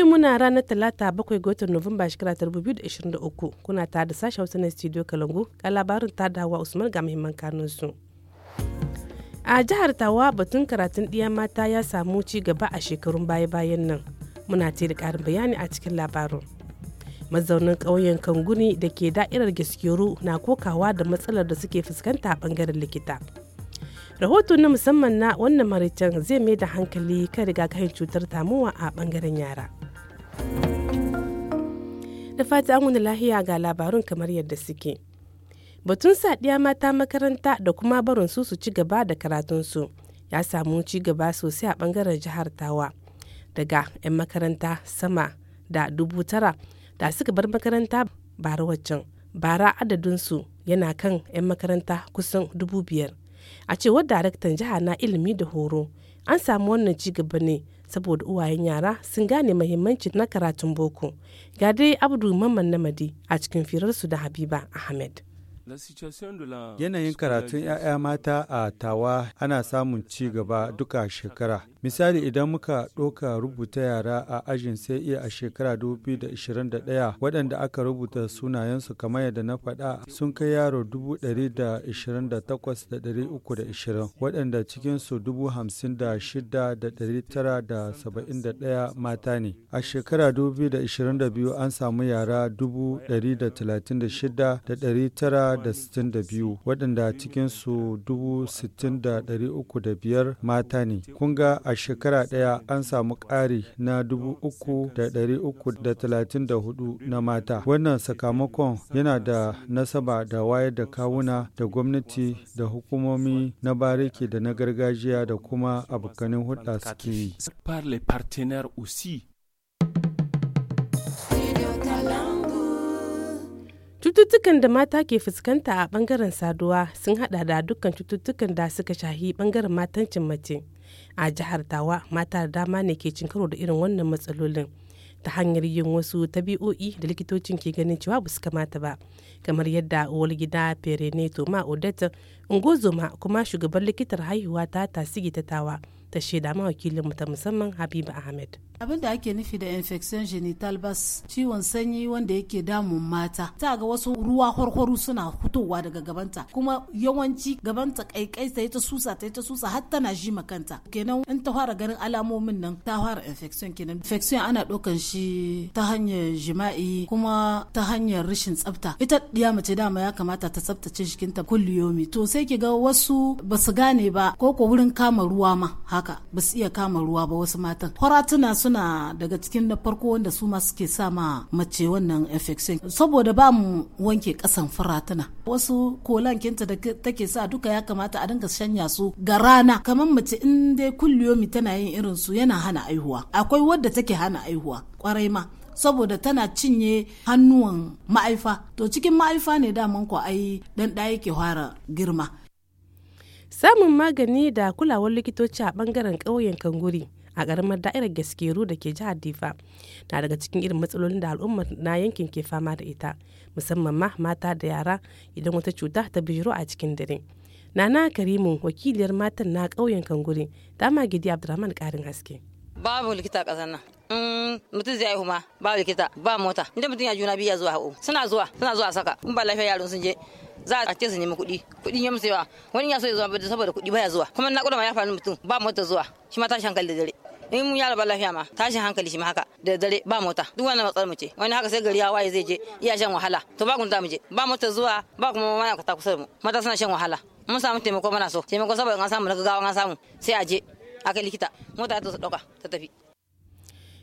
Yau muna ranar Talata bakwai ga watan Nuwamba shekara ta uku kuna tare da sashen Hausa na Studio Kalangu ga labarin ta da Usman ga muhimman kanun A jihar Tawa batun karatun ɗiya mata ya samu ci gaba a shekarun baya-bayan nan. Muna ce da ƙarin bayani a cikin labarin. Mazaunin ƙauyen Kanguni da ke da'irar gaskiyaru na kokawa da matsalar da suke fuskanta a ɓangaren likita. rahoto na musamman na wannan maraicen zai mai da hankali kan rigakafin cutar tamuwa a bangaren yara Da fata an wani lahiya ga labarun kamar yadda suke. Batun saɗiya mata makaranta da kuma barin su su ci gaba da karatunsu ya samu ci gaba sosai a bangaren jihar Tawa. Daga 'yan makaranta sama da dubu tara da suka bar makaranta bara waccan. Bara adadinsu yana kan 'yan makaranta kusan dubu biyar. A cewar daraktan jiha na ilimi da horo, an samu wannan ci gaba ne saboda uwayen yara sun gane mahimmanci na karatun boko ga dai abdu mamman namadi a cikin firarsu da habiba ahmed Yanayin karatun 'ya'ya mata a tawa ana samun ci gaba duka shekara. Misali idan muka ɗauka rubuta yara a ajin sai iya a shekara 2021 waɗanda aka rubuta sunayensu kamar yadda na faɗa sun kai yaro 128,320 waɗanda cikinsu 56,971 mata ne. A shekara 2022 an samu yara 136,900 da biyu waɗanda cikinsu 60,305 mata ne. Kun ga a shekara ɗaya an samu ƙari na 3,334 na mata. Wannan sakamakon yana da nasaba da wayar da kawuna da gwamnati da hukumomi na bariki da na gargajiya da kuma abokanin hulɗa suke yi. Cututtukan da mata ke fuskanta a bangaren saduwa sun hada da dukkan cututtukan da suka shahi bangaren matancin mace. A jihar Tawa mata da dama ne ke cin karo da irin wannan matsalolin ta hanyar yin wasu tabi'o'i da likitocin ke ganin cewa ba su kamata ba. Kamar yadda uwar gida ne Toma Odette Ungozoma kuma shugaban likitar haihuwa ta tasigi ta Tawa. ta shaida ma wakilinmu ta musamman Habiba Ahmed. Abin da ake nufi da infection genital bas ciwon sanyi wanda yake damun mata. Ta ga wasu ruwa horhoru suna fitowa daga gabanta kuma yawanci gabanta kaikai ta ta susa ta ta susa har tana ji kanta. Kenan in ta fara ganin alamomin nan ta fara infection kenan. Infection ana ɗaukan shi ta hanyar jima'i kuma ta hanyar rashin tsafta. Ita diya mace dama ya kamata ta tsaftace jikinta kulliyomi. To sai ki ga wasu basu gane ba ko ko wurin kama ruwa ma. haka ba su iya kama ruwa ba wasu matan kwaratuna suna daga cikin na farko wanda su ma suke sa ma mace wannan infection saboda ba mu wanke kasan faratuna wasu kolan kinta da take sa duka ya kamata a dinga shanya su ga rana kamar mace in dai kulliyomi tana yin irin su yana hana aihuwa akwai wadda take hana aihuwa kwarai ma saboda tana cinye hannuwan ma'aifa to cikin ma'aifa ne daman ku ai dan da yake fara girma samun magani da kulawar likitoci a bangaren ƙauyen kanguri a ƙaramar da'irar gaskeru da ke jihar difa na daga cikin irin matsalolin da al'ummar na yankin ke fama da ita musamman ma mata da yara idan wata cuta ta bijiro a cikin dare nana karimu wakiliyar matan na ƙauyen kanguri ta magidi abdulrahman ƙarin haske babu likita ƙasar nan mm, mutum zai haihu ma babu likita ba mota inda mutum ya juna biya ya zuwa hau suna zuwa suna zuwa saka in ba lafiya yaron sun je za a ce su nemi kuɗi kuɗin ya musu wani ya so ya zuwa saboda kuɗi baya zuwa kuma na ma ya faru mutum ba mota zuwa shi ma tashi hankali da dare in mun yara ba lafiya ma tashi hankali shi ma haka da dare ba mota duk wannan matsalar mu ce wani haka sai gari ya waye zai je iya shan wahala to ba gunta mu je ba mota zuwa ba kuma mana ka ta kusa mu mata suna shan wahala mun samu taimako mana so taimako saboda an samu na gawa an samu sai a je kai likita mota ta dauka ta tafi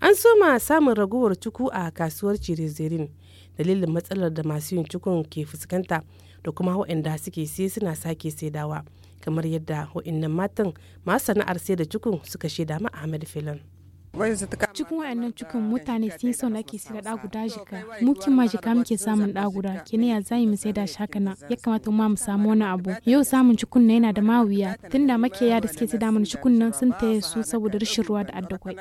an soma samun raguwar cuku a kasuwar cirezerin dalilin matsalar da masu yin cukun ke fuskanta da kuma da suke siye suna sake saidawa kamar yadda waɗannan matan masu sana'ar sai da cikin suka shaida ma Ahmed Filan. cikin wayannan cikin mutane sun son ake sai da guda jika Mukin ma jika muke samun da kenaya ne ya zai mu sai da shakana ya kamata ma mu samu wani abu yau samun cikun na yana da mawuya tunda makiya da suke sai da mana cikun nan sun taya su saboda rashin ruwa da addakwai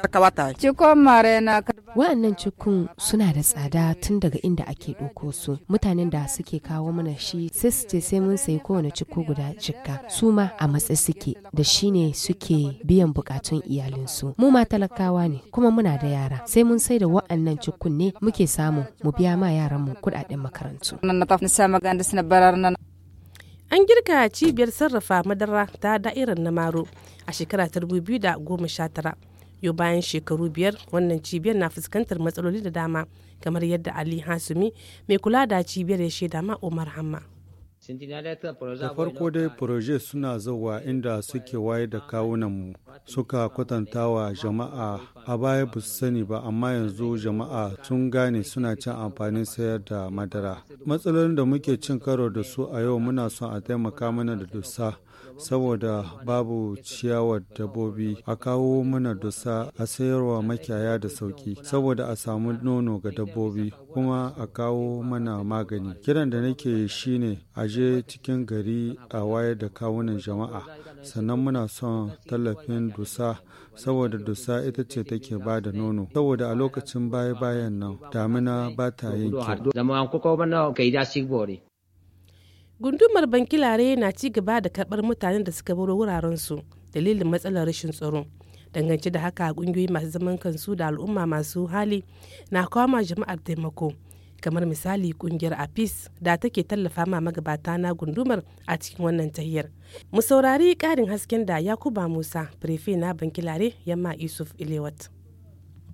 Wa'annan cikin suna da tsada tun daga inda ake ɗauko su. Mutanen da suke kawo mana shi sai su ce sai mun sayi kowane ciko guda cikka. Su ma a matsa suke da shi ne suke biyan bukatun iyalinsu. Mu ma talakawa ne kuma muna da yara. Sai mun sai da wa'annan cikin ne muke samu mu biya ma yaran mu kuɗaɗen makarantu. An girka cibiyar sarrafa madara ta da'irar na Maro a shekara ta 2019. yau bayan shekaru biyar wannan cibiyar na fuskantar matsaloli da dama kamar yadda ali hasumi mai kula da cibiyar ya shaida ma umar hamma da farko dai proje suna zauwa inda suke waye da kawunanmu suka kwatanta wa jama'a a baya ba su sani ba amma yanzu jama'a sun gane suna cin amfanin sayar da madara matsalolin da muke cin karo da su a yau muna son a taimaka mana da dusa saboda babu ciyawar dabbobi a kawo mana dusa a sayarwa makiyaya da sauki saboda a samu nono ga dabbobi kuma a kawo mana magani kiran da nake shine a je cikin gari a wayar da kawunan jama'a sannan muna son tallafin dusa saboda dusa ita ce take ba da nono saboda a lokacin baya-bayan nan damina ba ta yin kyau Gundumar Bankilare na ci gaba da karbar mutanen da suka baro wurarensu dalilin matsalar rashin tsaro. Dangance da haka kungiyoyi masu zaman kansu da al'umma masu hali na kama jama'ar taimako. Kamar misali kungiyar APIS da take tallafa ma magabata na gundumar a cikin wannan tahiyar. Mu saurari ƙarin hasken da Yakuba Musa, Prefe na Bankilare, Yamma Yusuf Ilewat.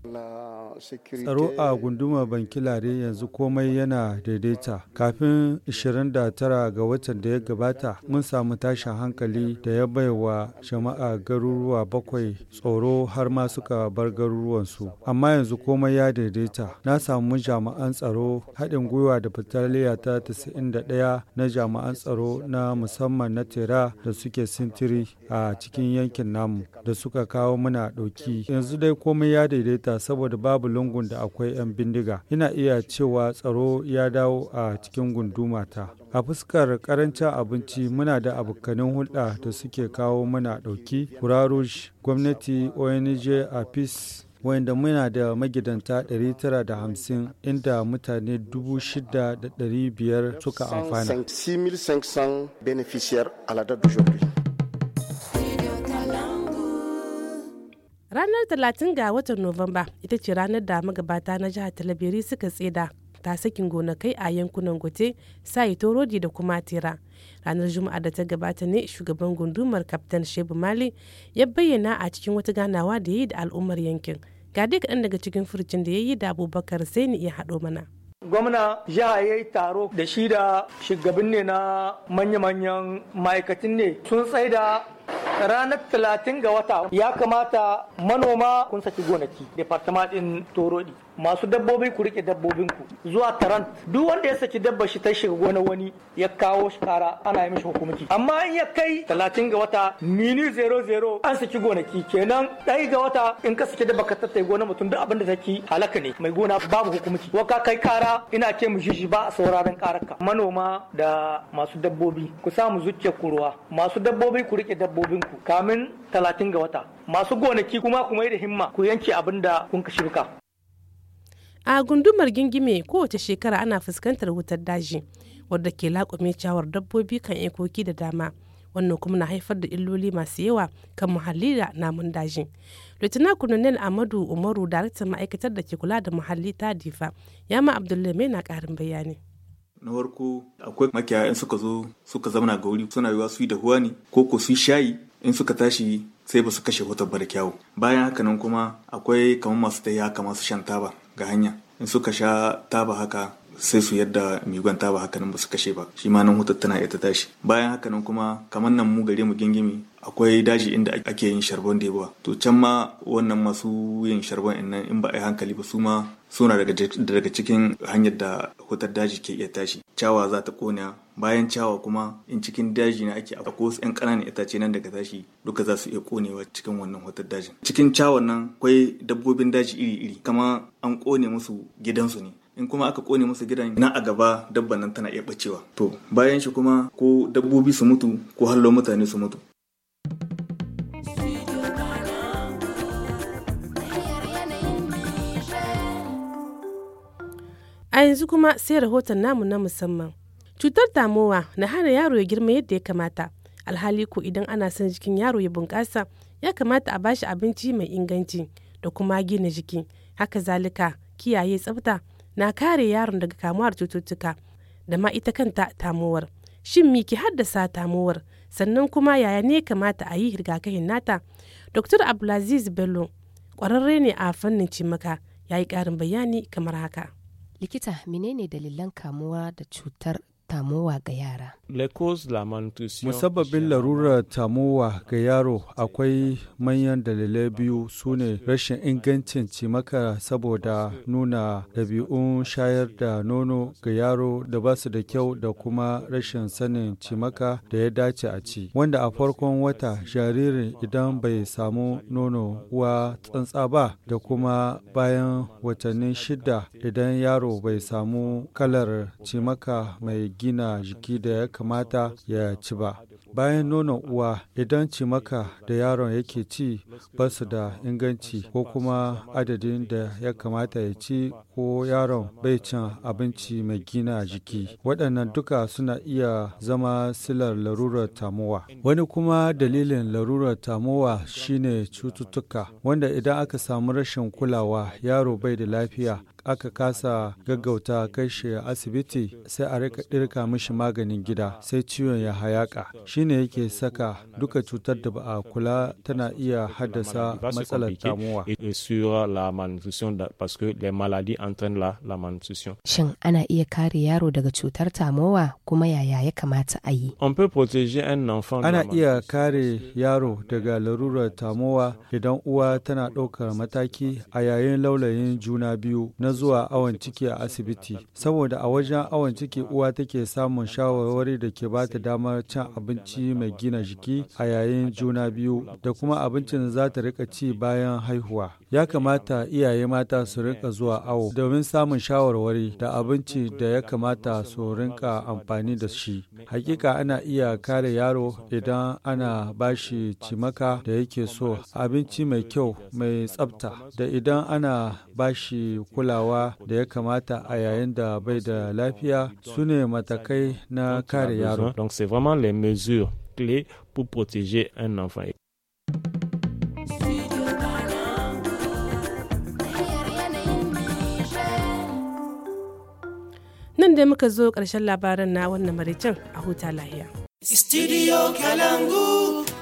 Tsaro a gunduma bankilare yanzu komai yana daidaita. Kafin 29 ga watan da ya gabata mun samu tashin hankali da ya baiwa jama'a garuruwa bakwai tsoro har ma suka bar garuruwansu. Amma yanzu komai ya daidaita. Na samu jami'an tsaro haɗin gwiwa da fitaliya ta 91 na jami'an tsaro na musamman na tera da suke sintiri a cikin yankin namu da suka kawo muna ɗauki. Yanzu dai komai ya daidaita saboda babu lungun da akwai 'yan bindiga. Ina iya cewa tsaro ya dawo a cikin gundumata. A fuskar karancin abinci muna da abokanin hulɗa da suke kawo mana ɗauki, Kurarush, gwamnati ONG peace wanda muna da magidanta 950 inda mutane 6,500 suka amfana. Ranar 30 ga watan Nuwamba ita ce ranar da magabata na jihar Talabiri suka tseda ta sakin gonakai a yankunan Gote, Sai Torodi da kuma Tera. Ranar Juma'a da ta gabata ne shugaban gundumar Kaftan Shebu Mali ya bayyana a cikin wata ganawa da ya yi da al'ummar yankin. Ga duk kaɗan daga cikin furcin da ya yi da Abubakar sai ni iya haɗo mana. gwamna jiha ya yi taro da shi da shugabin ne na manya-manyan ma'aikatan ne sun tsaida ranar talatin ga wata ya kamata manoma kun saki gonaki departement din torodi masu dabbobi ku rike ku. zuwa tarant duk wanda ya saki dabba shi ta shiga gona wani ya kawo shi kara ana yi mishi hukumci amma in ya kai talatin ga wata mini zero zero an saki gonaki kenan ɗaya ga wata in ka saki dabba ka tattai gona mutum duk abin da saki halaka ne mai gona babu hukumci waka kai kara ina ce mu shi ba a sauraron karaka manoma da masu dabbobi ku samu zuciyar ku ruwa masu dabbobi ku rike ku. kamin talatin ga wata masu gonaki kuma ku mai da himma ku yanke abin da kun ka shirka a gundumar gingime kowace shekara ana fuskantar wutar daji wadda ke laƙume cawar dabbobi kan ekoki da dama wannan kuma na haifar da illoli masu yawa kan muhalli da namun daji lieutenant kunanin amadu umaru daraktan ma'aikatar da ke kula da muhalli ta difa ma abdullahi na karin bayani na farko akwai makiyaya in suka zo suka zamana ga wuri suna yiwa su yi dahuwa ne ko ko su shayi in suka tashi sai ba su kashe wata bar kyawu bayan haka nan kuma akwai kamar masu tayi kamar masu shan taba ga hanya in suka sha taba haka sai su yadda mai ta ba hakanan ba su kashe ba shi ma nan hutar tana iya ta tashi bayan hakanan kuma kamar nan mu gare mu gingimi akwai daji inda ake yin sharbon da yawa to can ma wannan masu yin sharbon in nan in ba a yi hankali ba su ma suna daga cikin hanyar da hutar daji ke iya tashi cawa za ta kona bayan cawa kuma in cikin daji na ake akwai wasu 'yan ƙananan itace nan daga tashi duka za su iya konewa cikin wannan hutar dajin cikin cawan nan akwai dabbobin daji iri-iri kama an kone musu gidansu ne in kuma aka kone musu gidan na a gaba dabban nan tana iya bacewa to bayan shi kuma ko dabbobi su mutu ko hallo mutane su mutu a yanzu kuma sai rahoton namu na musamman cutar tamowa na hana yaro ya girma yadda ya kamata alhali ko idan ana son jikin yaro ya bunƙasa ya kamata a bashi abinci mai inganci da kuma gina jiki haka zalika kiyaye tsafta na kare yaron daga kamuwa da cututtuka da ma ita kanta tamuwar shin me ke haddasa tamuwar sannan kuma yaya ne kamata a yi rigakafin nata dr abdulaziz bello kwararre ne a fannin cimaka ya yi karin bayani kamar haka likita menene dalilan kamuwa da cutar tamowa ga yara. Musabbabin larurar tamowa ga yaro akwai manyan dalilai biyu su ne rashin ingancin cimaka saboda nuna ɗabi'un shayar da nono ga yaro da ba su da kyau da kuma rashin sanin cimaka da ya dace a ci. Wanda a farkon wata jaririn idan bai samu nono uwa tsantsa ba da kuma bayan watanni shida idan yaro bai samu kalar cimaka mai gina jiki da ya kamata ya ci ba bayan nonon uwa idan cimaka da yaron yake ci ba su da inganci ko kuma adadin da ya kamata ya ci ko yaron bai cin abinci mai gina jiki waɗannan duka suna iya zama silar larurar tamowa wani kuma dalilin larurar tamowa shine cututtuka wanda idan aka samu rashin kulawa yaro bai da lafiya aka kasa gaggauta kai asibiti sai a rika ɗirka mishi maganin gida sai ciwon ya hayaka shine yake saka duka cutar da ba a kula tana iya haddasa matsalar damuwa. Shin ana iya kare yaro daga cutar tamowa kuma yaya ya kamata a yi? Ana iya kare yaro daga larurar tamowa idan uwa tana ɗaukar mataki a yayin laulayin juna biyu na zuwa awon ciki a asibiti saboda a wajen awon ciki uwa take samun shawarwari da ke bata damar cin abinci mai gina jiki a yayin juna biyu da kuma abincin da za ta rika ci bayan haihuwa Ya kamata iyaye mata su rinka zuwa awo domin samun shawarwari da abinci da ya kamata su rinka amfani da shi. Hakika ana iya kare yaro idan ana bashi cimaka da yake so, abinci mai kyau mai tsabta da idan ana bashi kulawa da ya kamata a yayin da bai da lafiya su ne matakai na kare yaro. Donc c'est vraiment les mesures clés pour protéger un enfant. nan dai muka zo ƙarshen labarin na wannan maricin a huta lahiya. Studio Kalangu.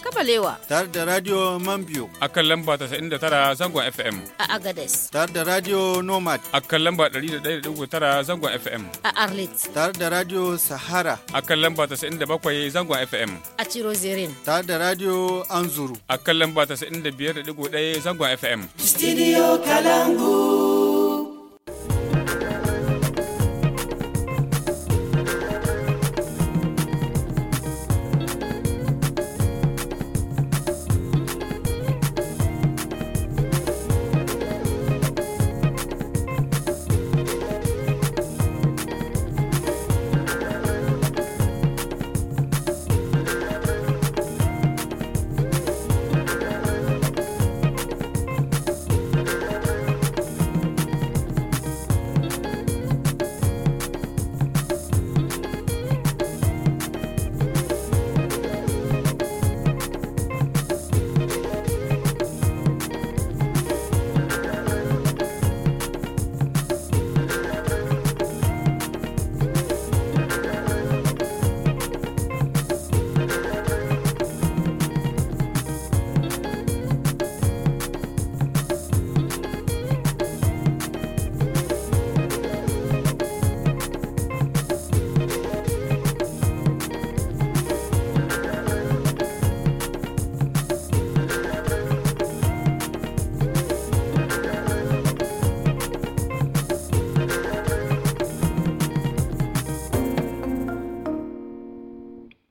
Kabalewa. Tare da Radio Mambio. A kan lamba 99 zangon FM. A Agades. Tare da Radio Nomad. A kan lamba 101.9 zangon FM. A Arlit. Tare da Radio Sahara. A kan lamba 97 zangon FM. A zirin. Tare da Radio Anzuru. A kan lamba 95.1 zangon FM. Studio Kalangu.